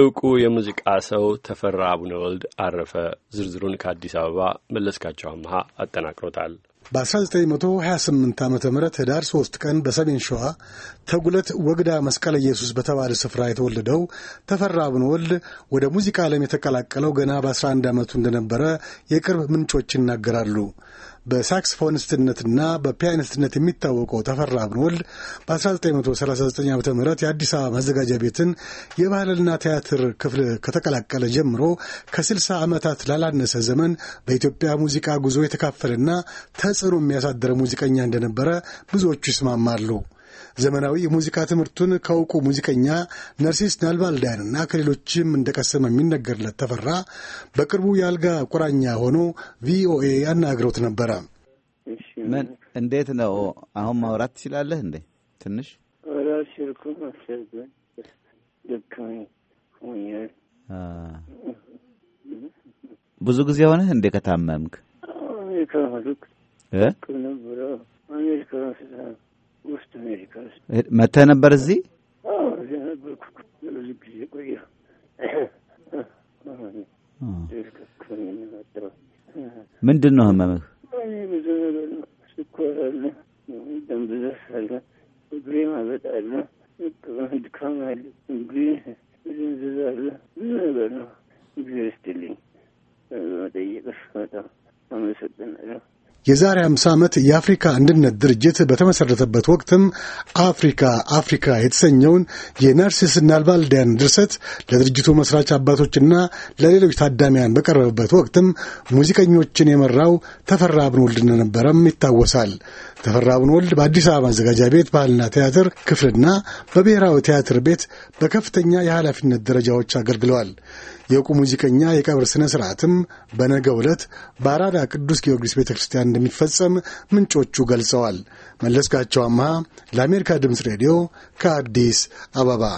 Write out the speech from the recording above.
እውቁ የሙዚቃ ሰው ተፈራ አቡነ ወልድ አረፈ። ዝርዝሩን ከአዲስ አበባ መለስካቸው አመሃ አጠናቅሮታል። በ1928 ዓ ም ህዳር 3 ቀን በሰሜን ሸዋ ተጉለት ወግዳ መስቀለ ኢየሱስ በተባለ ስፍራ የተወለደው ተፈራ አቡነ ወልድ ወደ ሙዚቃ ዓለም የተቀላቀለው ገና በ11 ዓመቱ እንደነበረ የቅርብ ምንጮች ይናገራሉ። በሳክስፎኒስትነትና በፒያኒስትነት የሚታወቀው ተፈራ አብንወልድ በ1939 ዓ ም የአዲስ አበባ ማዘጋጃ ቤትን የባህልና ቲያትር ክፍል ከተቀላቀለ ጀምሮ ከ60 ዓመታት ላላነሰ ዘመን በኢትዮጵያ ሙዚቃ ጉዞ የተካፈለና ተጽዕኖ የሚያሳደረ ሙዚቀኛ እንደነበረ ብዙዎቹ ይስማማሉ። ዘመናዊ የሙዚቃ ትምህርቱን ከእውቁ ሙዚቀኛ ነርሲስ ናልባልዲያንና ከሌሎችም እንደቀሰመ የሚነገርለት ተፈራ በቅርቡ የአልጋ ቁራኛ ሆኖ ቪኦኤ ያናግረውት ነበረ። ምን እንዴት ነው አሁን ማውራት ትችላለህ እንዴ? ትንሽ ብዙ ጊዜ ሆነህ እንዴ ከታመምክ? ውስጥ አሜሪካ ውስጥ መተህ ነበር? እዚህ ብዙ ጊዜ ቆየ። ምንድን ነው ህመምህ? ብዙ ነገር ስኳር አለ፣ ደም ብዛት አለ፣ እግሬ ማበጥ አለ፣ ድካም አለ፣ እንግዲህ ዝንዝዝ አለ፣ ብዙ ነገር ነው። እግዜር ይስጥልኝ አመሰግናለሁ። የዛሬ 50 ዓመት የአፍሪካ አንድነት ድርጅት በተመሠረተበት ወቅትም አፍሪካ አፍሪካ የተሰኘውን የናርሲስ ናልባንዲያን ድርሰት ለድርጅቱ መስራች አባቶችና ለሌሎች ታዳሚያን በቀረበበት ወቅትም ሙዚቀኞችን የመራው ተፈራ ብንወልድ እንደነበረም ይታወሳል። ተፈራ ብንወልድ በአዲስ አበባ ማዘጋጃ ቤት ባህልና ቲያትር ክፍልና በብሔራዊ ቲያትር ቤት በከፍተኛ የኃላፊነት ደረጃዎች አገልግለዋል። የእውቁ ሙዚቀኛ የቀብር ሥነ ሥርዓትም በነገ ዕለት በአራዳ ቅዱስ ጊዮርጊስ ቤተ ክርስቲያን እንደሚፈጸም ምንጮቹ ገልጸዋል። መለስካቸው አምሃ ለአሜሪካ ድምፅ ሬዲዮ ከአዲስ አበባ